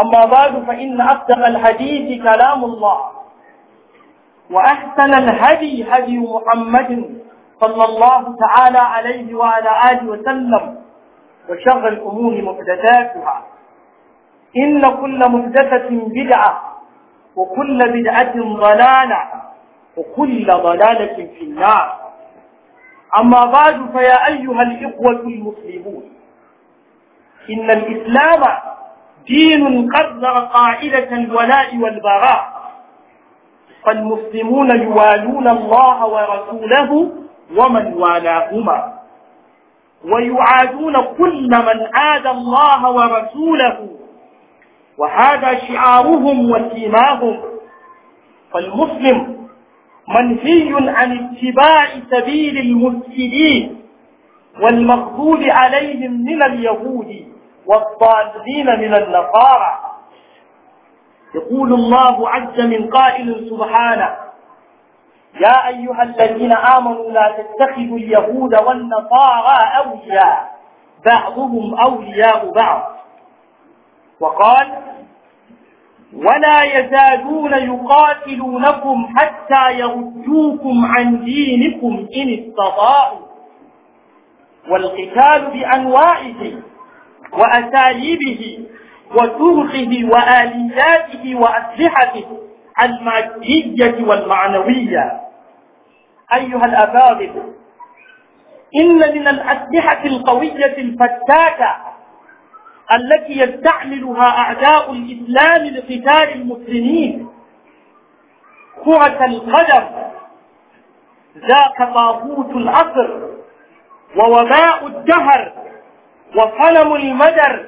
أما بعد فإن أصدق الحديث كلام الله وأحسن الهدي هدي محمد صلى الله تعالى عليه وعلى آله وسلم وشر الأمور محدثاتها إن كل محدثة بدعة وكل بدعة ضلالة وكل ضلالة في النار أما بعد فيا أيها الإخوة المسلمون إن الإسلام دين قرر قاعدة الولاء والبراء فالمسلمون يوالون الله ورسوله ومن والاهما ويعادون كل من عاد الله ورسوله وهذا شعارهم وسيماهم فالمسلم منهي عن اتباع سبيل المفسدين والمغضوب عليهم من اليهود والضالين من النصارى يقول الله عز من قائل سبحانه يا أيها الذين آمنوا لا تتخذوا اليهود والنصارى أولياء بعضهم أولياء بعض وقال ولا يزالون يقاتلونكم حتى يردوكم عن دينكم إن استطاعوا والقتال بأنواعه وأساليبه وطرقه وآلياته وأسلحته المادية والمعنوية أيها الأفاضل إن من الأسلحة القوية الفتاكة التي يستعملها أعداء الإسلام لقتال المسلمين كرة القدم ذاك طاغوت العصر ووباء الدهر وصنم المدر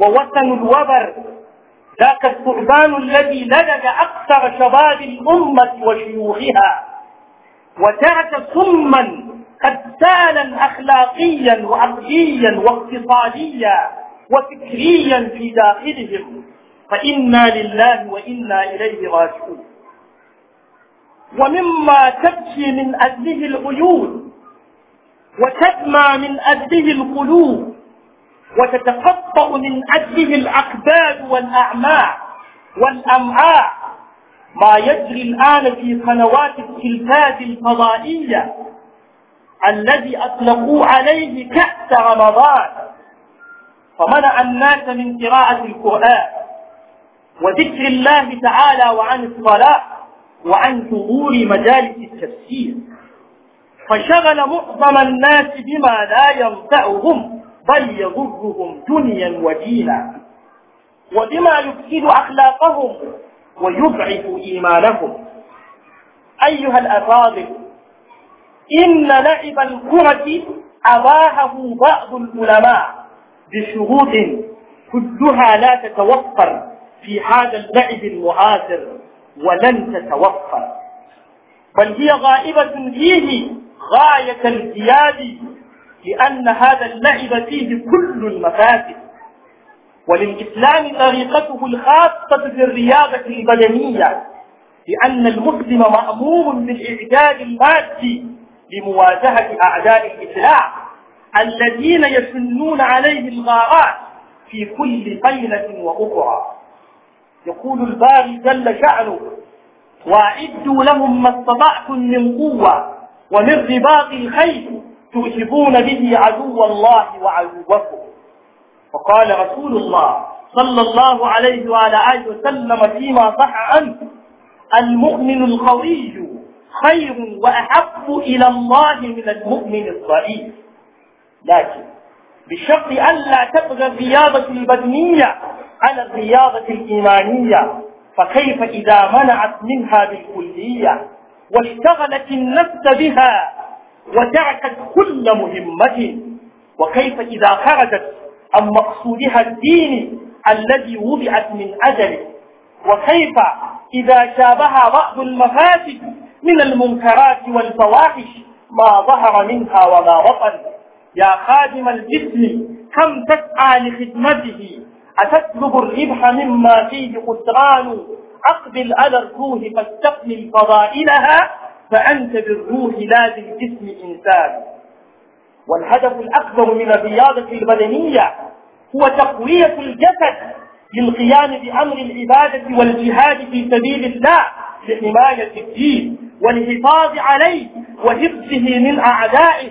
ووطن الوبر ذاك الثعبان الذي لدد أكثر شباب الأمة وشيوخها وترك سما قد سالا أخلاقيا وعقليا واقتصاديا وفكريا في داخلهم فإنا لله وإنا إليه راجعون ومما تبكي من أجله العيون وتدمى من أجله القلوب وتتقطع من أجله الأكباد والأعماء والأمعاء ما يجري الآن في قنوات التلفاز الفضائية الذي أطلقوا عليه كأس رمضان فمنع الناس من قراءة القرآن وذكر الله تعالى وعن الصلاة وعن ظهور مجالس التفسير فشغل معظم الناس بما لا ينفعهم بل يضرهم دنيا ودينا وبما يفسد أخلاقهم ويضعف إيمانهم أيها الأفاضل إن لعب الكرة أباهه بعض العلماء بشروط كلها لا تتوفر في هذا اللعب المعاصر ولن تتوفر بل هي غائبة فيه غاية الزياد لأن هذا اللعب فيه كل المفاسد وللإسلام طريقته الخاصة في الرياضة البدنية لأن المسلم مأمور بالإعداد المادي لمواجهة أعداء الإسلام الذين يسنون عليه الغارات في كل قيلة وأخرى يقول الباري جل شأنه وأعدوا لهم ما استطعتم من قوة ومن رباط الخيل توشكون به عدو الله وعدوكم فقال رسول الله صلى الله عليه وعلى آله وسلم فيما صح عنه المؤمن القوي خير وأحب إلى الله من المؤمن الضعيف لكن بشرط ألا تبغى الرياضة البدنية على الرياضة الإيمانية فكيف إذا منعت منها بالكلية واشتغلت النفس بها وتركت كل مهمة وكيف إذا خرجت عن مقصودها الديني الذي وضعت من أجله وكيف إذا شابها بعض المفاسد من المنكرات والفواحش ما ظهر منها وما بطن يا خادم الجسم كم تسعى لخدمته أتطلب الربح مما فيه خسران أقبل على الروح فاستقبل فضائلها فأنت بالروح لا بالجسم إنسان والهدف الأكبر من الرياضة البدنية هو تقوية الجسد للقيام بأمر العبادة والجهاد في سبيل الله لحماية الدين والحفاظ عليه وحفظه من أعدائه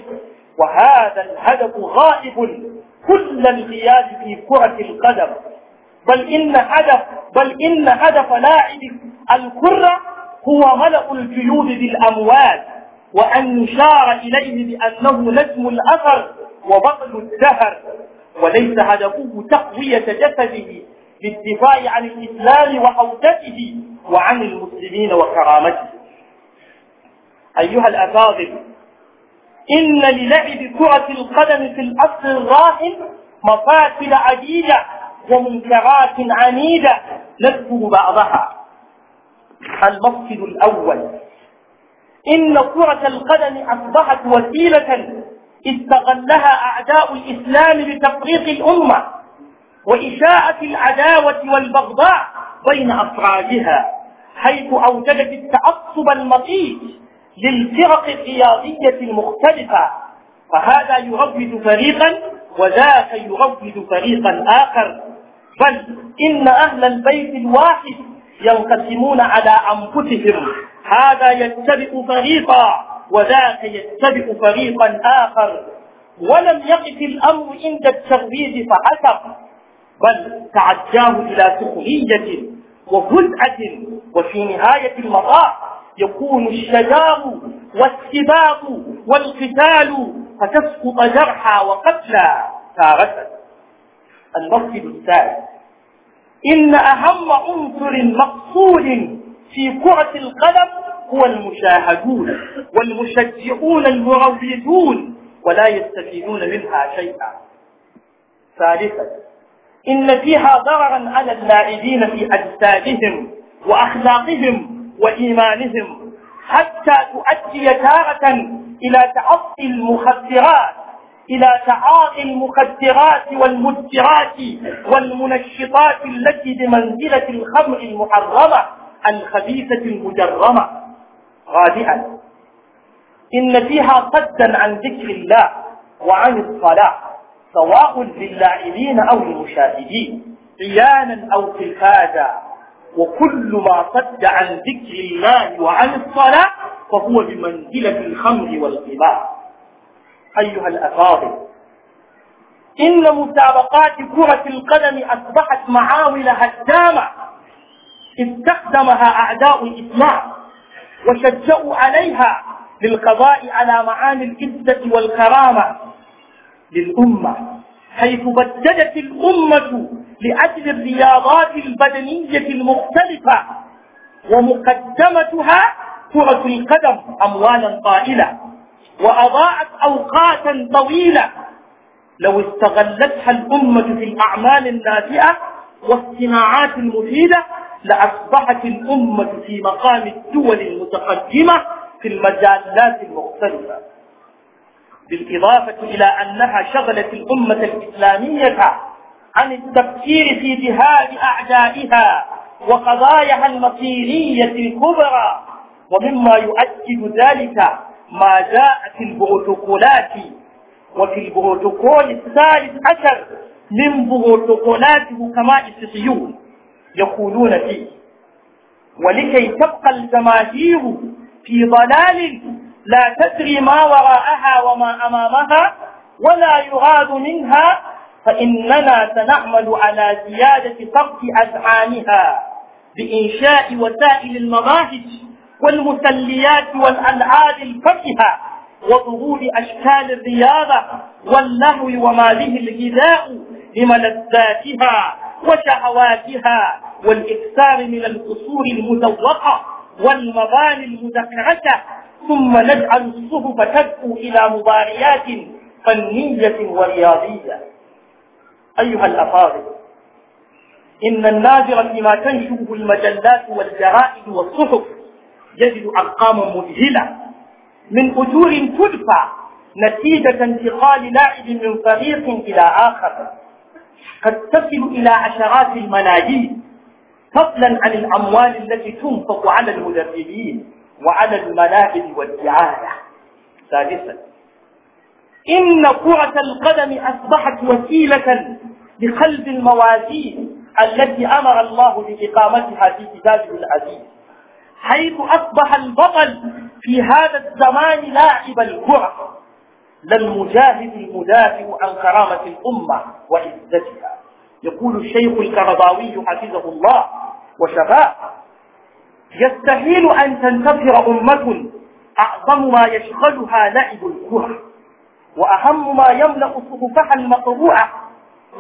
وهذا الهدف غائب كل الغياب في كرة القدم بل إن هدف بل إن هدف لاعب الكرة هو ملأ الجيود بالأموات وأن يشار إليه بأنه نجم الأثر وبطل الدهر وليس هدفه تقوية جسده للدفاع عن الإسلام وحوزته وعن المسلمين وكرامته أيها الأفاضل إن للعب كرة القدم في الأصل الراهن مفاصل عديدة ومنكرات عنيدة نذكر بعضها المفصل الأول إن كرة القدم أصبحت وسيلة استغلها أعداء الإسلام لتفريق الأمة وإشاعة العداوة والبغضاء بين أفرادها حيث أوجدت التعصب المطيش للفرق الرياضية المختلفة فهذا يروج فريقا وذاك يروج فريقا آخر بل إن أهل البيت الواحد ينقسمون على أنفسهم هذا يتبع فريقا وذاك يتبع فريقا آخر ولم يقف الأمر عند التغريد فحسب بل تعداه إلى سخرية وهدعة وفي نهاية المطاف يكون الشجار والسباق والقتال فتسقط جرحى وقتلى تارة المسجد الثالث إن أهم عنصر مقصود في كرة القدم هو المشاهدون والمشجعون المروجون ولا يستفيدون منها شيئا ثالثا إن فيها ضررا على اللاعبين في أجسادهم وأخلاقهم وإيمانهم حتى تؤدي تارة إلى تعطي المخدرات إلى تعاطي المخدرات والمدرات والمنشطات التي بمنزلة الخمر المحرمة الخبيثة المجرمة رابعا إن فيها صدا عن ذكر الله وعن الصلاة سواء للاعبين أو للمشاهدين عيانا أو تلفازا وكل ما صد عن ذكر الله وعن الصلاة فهو بمنزلة الخمر والقبار أيها الأفاضل إن مسابقات كرة القدم أصبحت معاول هدامة استخدمها أعداء الإسلام وشجعوا عليها للقضاء على معاني العزة والكرامة للأمة حيث بددت الأمة لأجل الرياضات البدنية المختلفة ومقدمتها كرة القدم أموالا طائلة وأضاعت أوقاتا طويلة لو استغلتها الأمة في الأعمال النافئة والصناعات المفيدة لأصبحت الأمة في مقام الدول المتقدمة في المجالات المختلفة بالإضافة إلى أنها شغلت الأمة الإسلامية عن التفكير في جهاد أعدائها وقضاياها المصيرية الكبرى ومما يؤكد ذلك ما جاء في البروتوكولات وفي البروتوكول الثالث عشر من بروتوكولات حكماء الصهيون يقولون فيه ولكي تبقى الجماهير في ضلال لا تدري ما وراءها وما أمامها ولا يراد منها فإننا سنعمل على زيادة فرق أذعانها بإنشاء وسائل المراهج والمسليات والألعاب الفكهة وظهور أشكال الرياضة واللهو وما به الغذاء لملذاتها وشهواتها والإكثار من القصور المزوقة والمباني المدققة ثم نجعل الصحف تدعو إلى مباريات فنية ورياضية أيها الأفاضل إن الناظر لما تنشره المجلات والجرائد والصحف يجد أرقاما مذهلة من أجور تدفع نتيجة انتقال لاعب من فريق إلى آخر قد تصل إلى عشرات الملايين فضلا عن الأموال التي تنفق على المدربين وعلى الملاعب والدعاية ثالثا إن كرة القدم أصبحت وسيلة لقلب الموازين التي أمر الله بإقامتها في كتابه العزيز حيث أصبح البطل في هذا الزمان لاعب الكرة لا المجاهد المدافع عن كرامة الأمة وعزتها يقول الشيخ الكرباوي حفظه الله وشفاء يستحيل أن تنتصر أمة أعظم ما يشغلها لعب الكرة وأهم ما يملأ صحفها المقروءة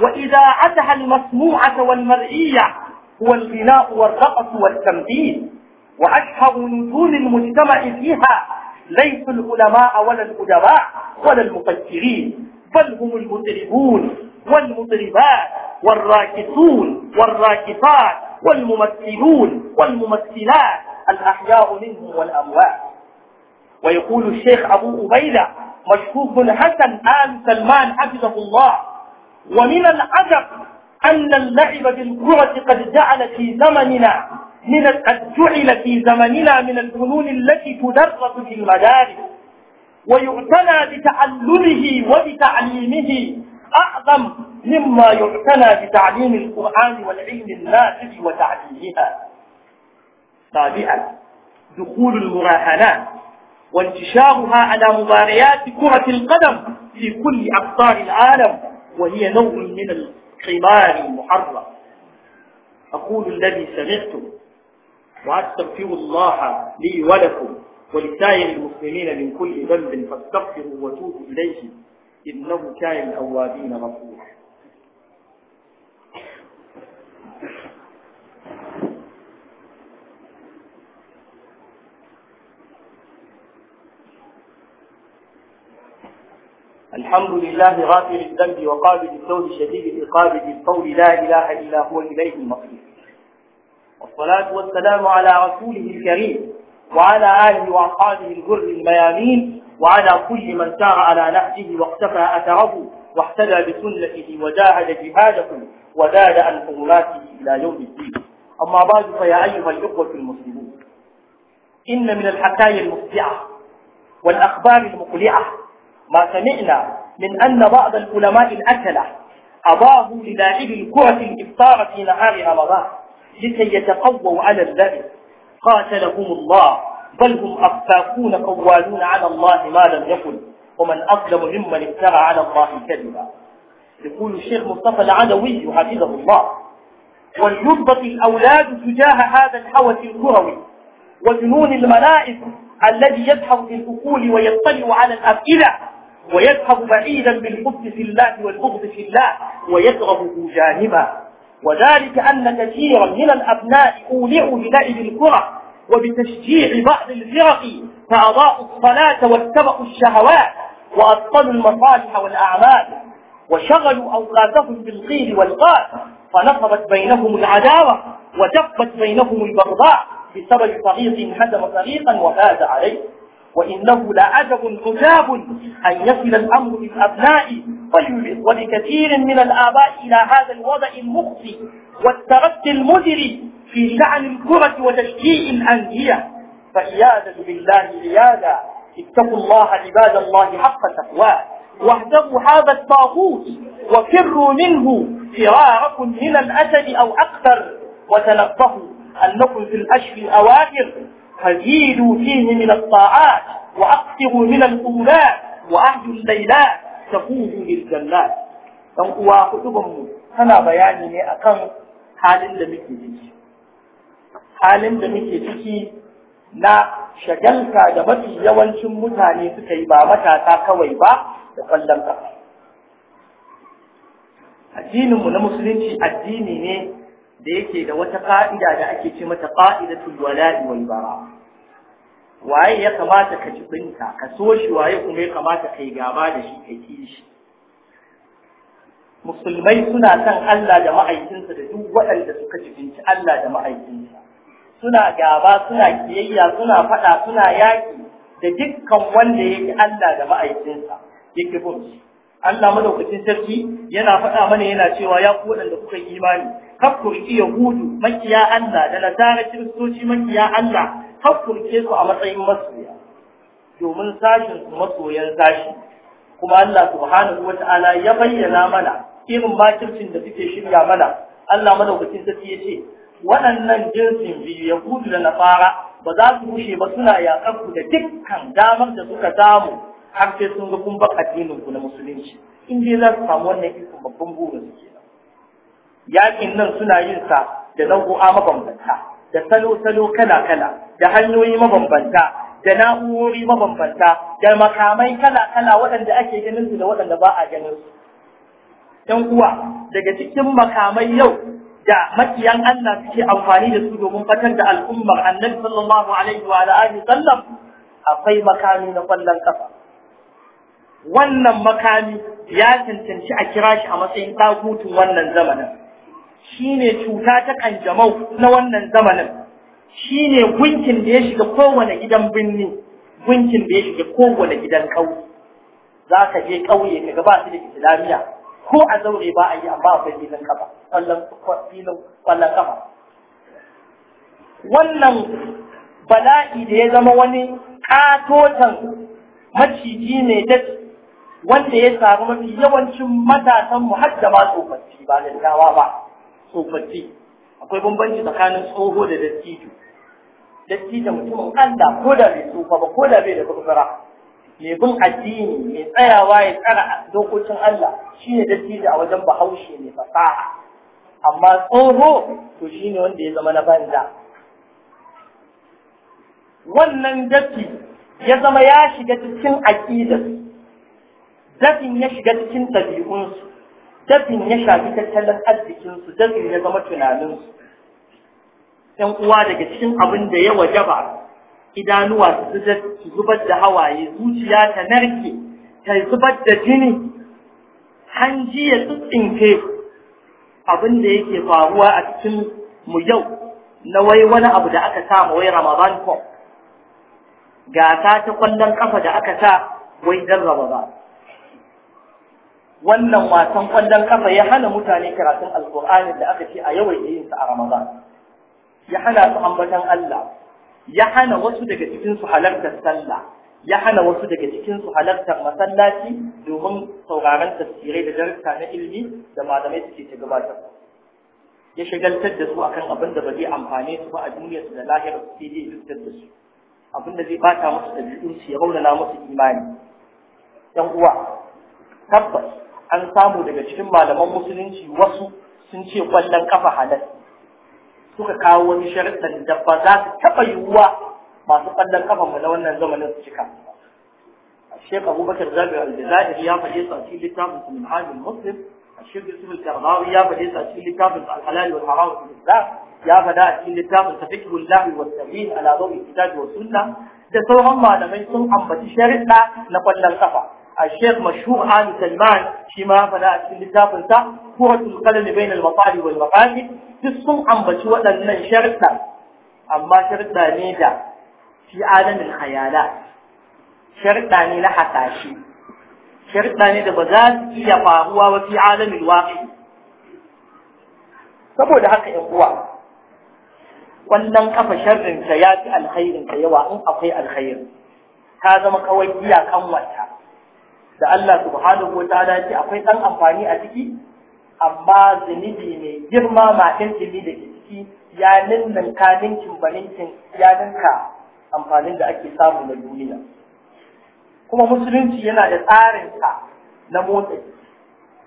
وإذاعتها المسموعة والمرئية هو الغناء والرقص والتمثيل وأشهر نجوم المجتمع فيها ليسوا العلماء ولا الأدباء ولا المفكرين بل هم المطربون والمطربات والراكصون والراكصات والممثلون والممثلات الأحياء منهم والأموات ويقول الشيخ أبو أبيدة مشكوك حسن آل سلمان حفظه الله ومن العجب أن اللعب بالكرة قد جعل في زمننا من قد جعل في زمننا من الفنون التي تدرس في المدارس ويعتنى بتعلمه وبتعليمه أعظم مما يعتنى بتعليم القرآن والعلم النافع وتعليمها سابعا دخول المراهنات وانتشارها على مباريات كرة القدم في كل أقطار العالم وهي نوع من القمار المحرم أقول الذي سمعته وأستغفر الله لي ولكم ولسائر المسلمين من كل ذنب فاستغفروا وتوبوا إليه إنه كان الأوابين غفورا الحمد لله غافر الذنب وقابل التوب شديد العقاب بالقول لا إله إلا هو إليه المصير والصلاة والسلام على رسوله الكريم وعلى آله وأصحابه الجر الميامين وعلى كل من سار على نهجه واقتفى أثره واحتدى بسنته وجاهد جهاده وزاد عن حرماته إلى يوم الدين أما بعد فيا أيها الإخوة المسلمون إن من الحكاية المفزعة والأخبار المقلعة ما سمعنا من أن بعض العلماء الأكلة أضافوا للاعب الكرة الإفطار في نهار رمضان لكي يتقووا على البئر قاتلهم الله بل هم أفاقون قوالون على الله ما لم يكن ومن أظلم ممن افترى على الله كذبا يقول الشيخ مصطفى العدوي حفظه الله وليضبط الأولاد تجاه هذا الحوث الكروي وجنون الملائك الذي يذهب الأقول ويطلع على الأفئدة ويذهب بعيدا بالحب في الله والبغض في الله ويضربه جانبا وذلك أن كثيرا من الأبناء أولعوا بلعب الكرة وبتشجيع بعض الفرق فأضاءوا الصلاة واتبعوا الشهوات وأبطلوا المصالح والأعمال وشغلوا أوقاتهم بالقيل والقال فنصبت بينهم العداوة ودفت بينهم البغضاء بسبب فريق هدم فريقا وفاز عليه وإنه لعجب عجاب أن يصل الأمر بالأبناء ولكثير من الآباء إلى هذا الوضع المخزي والتردي المدر في شأن الكرة وتشجيع الأندية فعياذا بالله عياذا اتقوا الله عباد الله حق تقواه واهدموا هذا الطاغوت وفروا منه فراركم من الأسد أو أكثر وتنبهوا أنكم في الأشهر الأواخر فزيدوا فيه من الطاعات وأقصروا من الأولاد وأهل الليلات تفوزوا بالجنات dan uwa kutubanmu tana bayani ne akan halin da muke ciki halin da muke ciki na shagalta da mafi yawancin mutane suka yi ba matasa kawai ba da kallon addinin mu na musulunci addini ne da yake da wata ka'ida da ake ce mata ka'idatul wala'i wal bara waye ya kamata ka jibinta ka so shi waye kuma ya kamata kai gaba da shi kai ki shi musulmai suna son Allah da ma'aikinsa da duk waɗanda suka jibinci Allah da ma'aikinsa suna gaba suna kiyayya suna faɗa suna yaƙi da dukkan wanda yake Allah da ma'aikinsa yake bin Allah madaukakin sarki yana faɗa mana yana cewa ya ku waɗanda kuka yi imani hakkurki yahudu makiya Allah da tara kiristoci makiya Allah ke su a matsayin masoya domin sashin su masoyan sashi kuma Allah subhanahu wata'ala ya bayyana mana irin makircin da suke shirya mana Allah madaukakin sarki ya ce waɗannan jinsin biyu yahudu da Nafara, ba za su rushe ba suna yaƙar ku da dukkan damar da suka samu har sai sun ga kun baka addinin ku na musulunci in dai za su samu wannan ikon babban burin su kenan yakin nan suna yin sa da nau'o'a mabambanta da salo-salo kala-kala da hanyoyi mabambanta da na'urori mabambanta da makamai kala-kala waɗanda ake ganin su da waɗanda ba a ganin su ‘yan uwa daga cikin makamai yau da makiyan Allah suke amfani da su domin fatar da al'ummar annabi sallallahu alaihi wa alihi sallam akwai makami na kwallon kafa wannan makami ya cancanci a kira shi a matsayin ɗagutun wannan zamanin shi ne cuta ta ƙanjamau na wannan zamanin shi ne gunkin da ya shiga kowane gidan birni gunkin da ya shiga kowane gidan ƙauye za ka je ƙauye ka gaba su da islamiyya ko a zaure ba a yi amma akwai filin kafa ƙwallon kafa wannan bala'i da ya zama wani ƙatotan maciji ne da wanda ya samu mafi yawancin matasan mu har da tsofaffi ba dawa ba tsofaffi akwai bambanci tsakanin tsoho da dattijo dattijo mutumin Allah ko da bai tsufa ba ko da bai da kurbura mai bin addini mai tsayawa ya tsara dokokin Allah shine dattijo a wajen bahaushe mai fasaha amma tsoho to shine wanda ya zama na banza wannan datti ya zama ya shiga cikin aƙidar dafin ya shiga cikin ɗabi'unsu dafin ya shafi tattalin arzikinsu dafin ya zama tunaninsu ‘yan uwa daga cikin abin da ya wajaba idanuwa su zubar da hawaye zuciya ta narke ta zubar da jini hanji ya tsinke abin da yake faruwa a cikin mu yau na wai wani abu da aka sa wai ramadan kom Gata ta kwallon kafa da aka sa wai dan ramadan wannan wasan kwallon kafa ya hana mutane karatun alkur'ani da aka ce a yawan yin sa a ramadan ya hana su ambatan Allah ya hana wasu daga cikin su halartar sallah ya hana wasu daga cikin su halartar masallaci domin sauraron tafsirai da darussa na ilimi da malamai suke ta gabatar ya shagaltar da su akan abin da ba zai amfane su ba a duniyar su da lahirar su sai zai da su abin da zai bata musu da su ya raunana musu imani dan uwa tabbas an samu daga cikin malaman musulunci wasu sun ce kwallon kafa halal suka kawo wani sharuɗan da ba za su taɓa yiwuwa masu kwallon kafa mu na wannan zamanin su cika Sheikh Abubakar Zabi Al-Jazairi ya faɗi su a cikin littafin Sulhan Muslim Sheikh Yusuf Al-Qardawi ya faɗi su a cikin littafin Al-Halal wal Haram fil ya faɗa a cikin littafin Tafsirul Lahi wa Tawhid ala dawi wa sunna da sauran malamai sun ambaci sharuɗa na kwallon kafa الشيخ مشهور آل سلمان شما فلا أكل لتافن سا كرة القلم بين المطال والمقال تسكم عن بشوة لن شرطنا أما شرطنا نيدا في عالم الخيالات شرطنا نيدا حتاشي شرطنا نيدا بذات إيا فاهوا وفي عالم الواقع saboda haka ‘yan uwa, wannan kafa sharrinka ya fi alkhairinka yawa in akwai alkhairin, ta zama kawai iyakan wata. da Allah subhanahu ta'ala ce akwai dan amfani a ciki amma zunubi ne girma ma ilimi da ke ciki ya ninnan kalinkin baninkin ya ninka amfanin da ake samu na duniya kuma musulunci yana da tsarinsa na motsa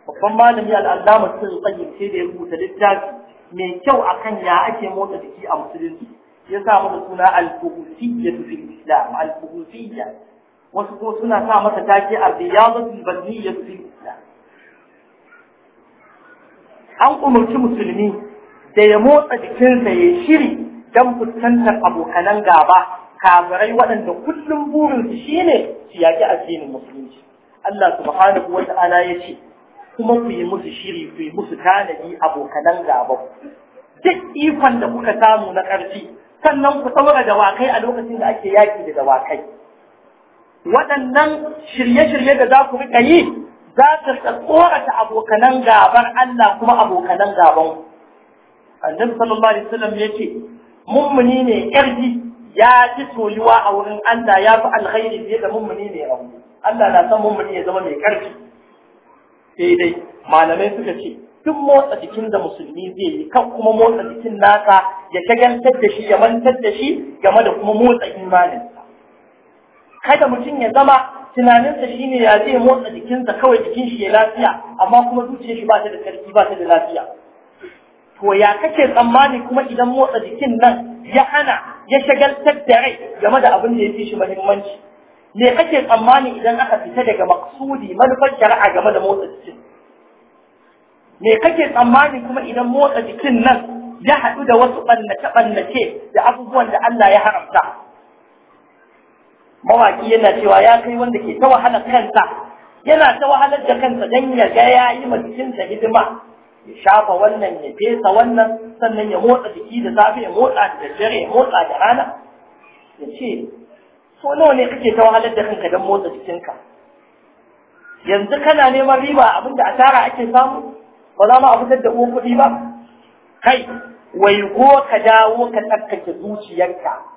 babban malami al'allama sun tsayin sai da ya rubuta littafi mai kyau akan ya ake motsa jiki a musulunci ya sa mana suna al-fuhusiyya fil islam al wasu ko suna sa masa take a riyadatul badniyyah fi an umarci musulmi da ya motsa jikinsa ya shiri don fuskantar abokanan gaba kafirai waɗanda kullum burinsu shine su yaƙi addinin musulunci Allah subhanahu wa ta'ala ya ce kuma ku yi musu shiri ku yi musu tanadi abokanan gaba duk ikon da kuka samu na ƙarfi sannan ku saura dawakai a lokacin da ake yaƙi da dawakai waɗannan shirye-shirye da za ku riƙa yi za su riƙa tsorata abokanan gaban Allah kuma abokanan gaban annabi sallallahu alaihi wasallam yace mummuni ne ƙarfi ya ci soyuwa a wurin Allah ya fi alkhairi fiye da mummuni ne rauni Allah na san mummuni ya zama mai ƙarfi sai dai malamai suka ce duk motsa jikin da musulmi zai yi kan kuma motsa jikin nasa ya shagaltar da shi ya mantar da shi game da kuma motsa imanin kada mutum ya zama tunaninsa shine ya zai motsa jikinsa kawai jikin shi ya lafiya amma kuma zuciyar shi ba ta da karfi ba ta da lafiya to ya kake tsammani kuma idan motsa jikin nan ya hana ya shagaltar da rai game da abin da ya fi shi muhimmanci me kake tsammani idan aka fita daga maksudi manufar shari'a game da motsa jikin me kake tsammani kuma idan motsa jikin nan ya haɗu da wasu ɓannace-ɓannace da abubuwan da Allah ya haramta mawaki yana cewa ya kai wanda ke ta wahalar kansa yana ta wahalar da kansa dan ya ga ya yi jikinsa hidima ya shafa wannan ya fesa wannan sannan ya motsa jiki da safe ya motsa da dare ya motsa da rana ya ce so nawa ne kake ta wahalar da kanka dan motsa jikinka yanzu kana neman riba abinda asara ake samu ba za mu a fitar da kuɗi ba kai wai go ka dawo ka tsarkake zuciyarka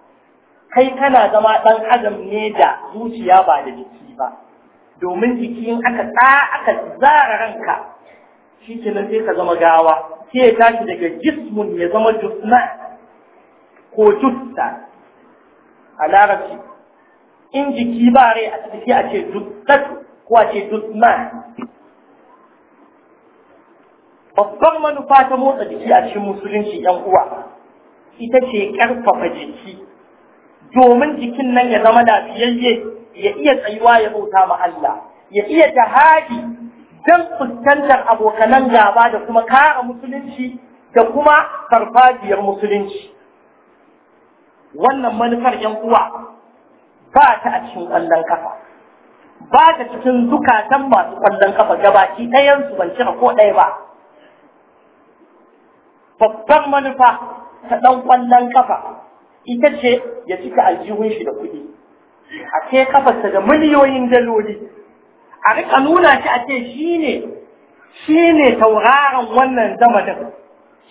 kai kana zama ɗan adam ne da zuciya ba da jiki ba domin jiki in aka tsa aka zara ranka shi ke sai ka zama gawa sai ya tashi daga jismun ya zama jusna ko justa a larabci in jiki ba rai a ciki a ce justatu ko a ce jusna babban manufa ta motsa jiki a cikin musulunci yan uwa ita ce ƙarfafa jiki domin jikin nan ya zama lafiyayye ya iya tsayuwa ya bauta ma Allah ya iya jihadi don fuskantar abokanan gaba da kuma kara musulunci da kuma farfajiyar musulunci wannan manufar yan uwa ba ta a cikin ƙwallon kafa ba ta cikin zukatan masu ƙwallon kafa gabaki ɗayansu ban cire ko ɗaya ba Babbar manufa ta ɗan ƙwallon kafa ita ce ya cika aljihun shi da kuɗi a ce kafarsa da miliyoyin daloli a rika nuna shi a ce shi ne shi ne tauraron wannan zamanin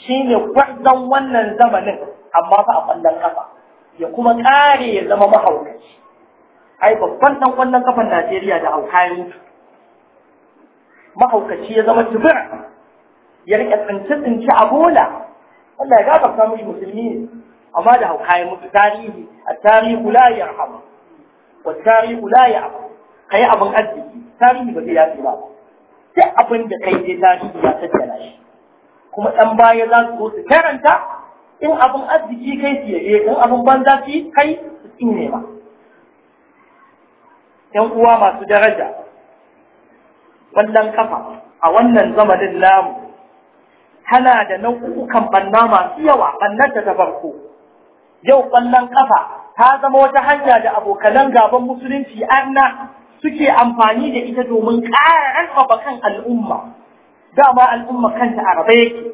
shi ne gwarzon wannan zamanin amma ba a ƙwallon kafa ya kuma ƙare ya zama mahaukaci ai babban ɗan ƙwallon kafan Najeriya da haukari mahaukaci ya zama tubir ya rike tsince-tsince a bola Allah ya gafarta mishi musulmi ne amma da hauka ya mutu tarihi a tarihu la ya rahama wa tarihu la ya abu kai abin arziki tarihi ba zai yafi ba sai abin da kai sai tarihi ya tattala shi kuma ɗan baya za su zo su karanta in abin arziki kai su yabe in abin banza su kai su tsine ma ‘yan uwa masu daraja wannan kafa a wannan zamanin namu tana da nau'ukan banna masu yawa bannar ta farko yau ƙwallon ƙafa ta zama wata hanya da abokanan gaban musulunci arna suke amfani da ita domin ƙara rarraba kan al'umma dama al'umma kanta a rabe yake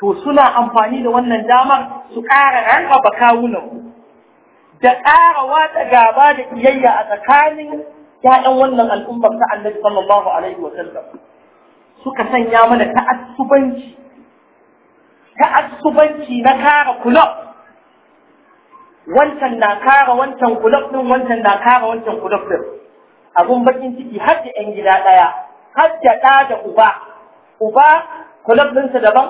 to suna amfani da wannan damar su ƙara rarraba kawunan da ƙara watsa gaba da iyayya a tsakanin ‘ya'yan wannan al'ummar ta annabi sallallahu alaihi wa sallam suka sanya mana ta'assubanci ta'assubanci na kara kulob wancan na kara wancan kulub din wancan na kara wancan kulub din abun bakin ciki har da yan gida ɗaya, har da da da uba uba kulub dinsa daban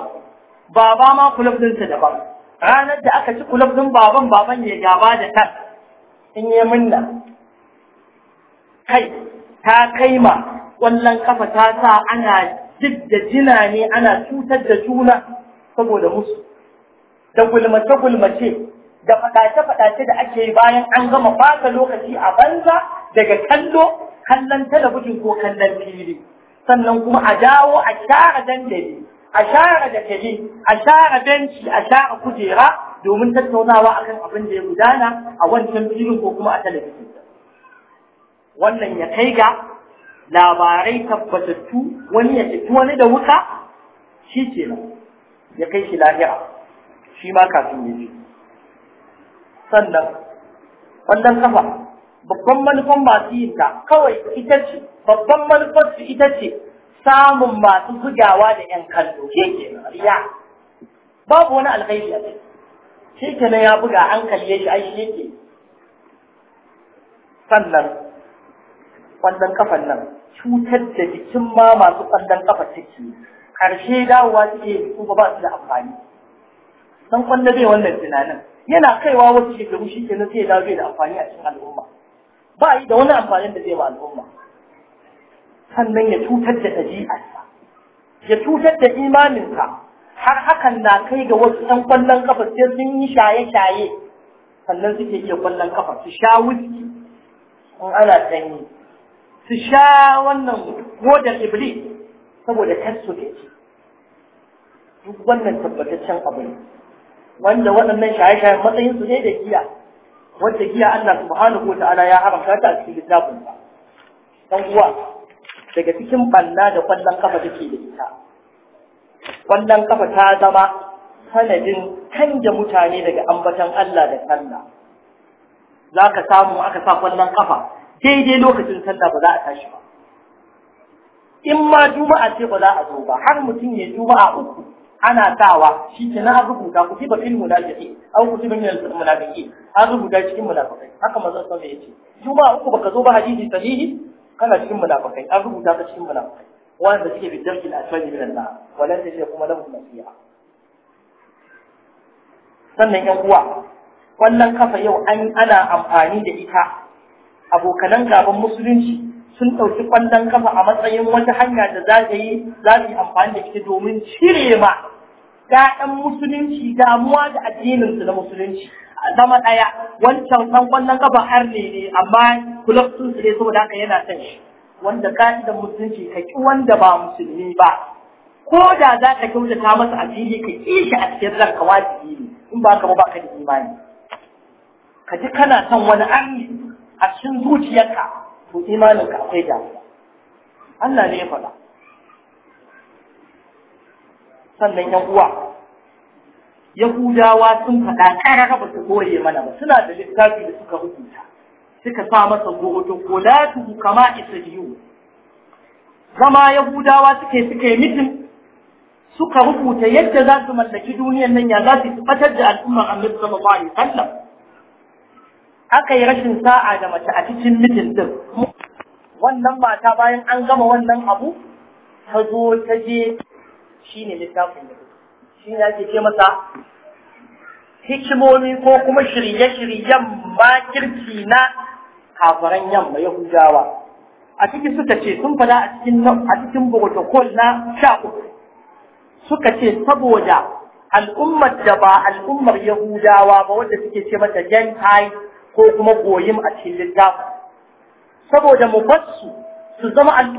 baba ma kulub dinsa daban ranar da aka ci kulub din baban baban ya gaba da ta in yi minna kai ta kai ma ƙwallon kafa ta sa ana jidda jina ne ana cutar da juna saboda musu da gulmace-gulmace da faɗace-faɗace da ake yi bayan an gama fasa lokaci a banza daga kallo kallon talabijin ko kallon fili sannan kuma a dawo a share dandali a share dakali a share benci a share kujera domin tattaunawa akan abin da ya gudana a wancan filin ko kuma a talabijin wannan ya kai ga labarai tabbatattu wani ya fito wani da wuta shi ke ya kai shi lahira shi ma kafin ya ji sannan wannan kafa babban manufan masu yin ta kawai ita ce babban manufar su ita ce samun masu bugawa da yan kallo ke ke riya babu wani alkhairi a ciki shi nan ya buga an kalle shi ai shi ke sannan kwallon kafan nan cutar da jikin ma masu kwallon kafa take karshe dawowa suke kuma ba su da amfani dan kwallo zai wannan tunanin yana kaiwa wasu shekaru shi ke sai ya dawo da amfani a cikin al'umma ba yi da wani amfanin da zai wa al'umma sannan ya cutar da ɗabi'arsa ya cutar da imaninsa har hakan na kai ga wasu ɗan kwallon kafa sai sun yi shaye-shaye sannan suke iya kwallon kafa su sha wuski in ana sanyi su sha wannan godar iblis saboda kar su duk wannan tabbataccen abu ne wanda waɗannan shaye-shayen matsayin su ne da giya wanda giya Allah subhanahu wa ta'ala ya haramta ta a cikin littafin sa dan uwa daga cikin balla da kwallon kafa take da ita kwallon kafa ta zama sanadin canja mutane daga ambatan Allah da sallah zaka samu aka sa kwallon kafa daidai lokacin sallah ba za a tashi ba in ma juma'a ce ba za a zo ba har mutum ya juma'a uku ana sawa shi ke na rubuta ku tiba fil munafiqi aw ku tiba min munafiki munafiqi an rubuta cikin munafiki haka manzon sallallahu alaihi wasallam yace juma'a uku baka zo ba hadisi sahihi kana cikin munafiqai an rubuta ka cikin munafiki wanda suke bi darki al aswali min Allah walan tajid kuma lahu nasiha sannan yan uwa wannan kafa yau an ana amfani da ita abokanan gaban musulunci sun ɗauki kwandon kafa a matsayin wata hanya da za ta yi za su yi amfani da ita domin cire ma ‘ya'yan musulunci damuwa da addininsu na musulunci a zama ɗaya wancan ɗan kwallon kafa har ne ne amma kulab sun su ne saboda haka yana son shi wanda da musulunci ka ƙi wanda ba musulmi ba ko da za ka kyautata masa addini ka ƙi shi a cikin ranka wajibi ne in ba ka ba ka da imani ka ji kana son wani arni a cikin zuciyarka to imanin ka akwai damuwa Allah ne ya faɗa sannan yan uwa Yahudawa sun faɗa ƙarara raba su koye mana ba suna da littafi da suka rubuta suka sa masa goto ko la tu kama isadiyu zama Yahudawa suke suke mitin suka rubuta yadda za su mallaki duniyar nan ya za su fatar da al'ummar Annabi sallallahu alaihi wasallam aka yi rashin sa'a da mace a cikin mijin din wannan mata bayan an gama wannan abu ta zo ta je shi ne littafin da shi ne ake ce masa hikimomi ko kuma shirye-shiryen makirci na kafaran yamma yahudawa a ciki suka ce sun fada a cikin a cikin protocol na sha uku suka ce saboda al'ummar da ba al'ummar yahudawa ba wanda suke ce mata gentile ko kuma goyim a cikin littafin saboda mu su zama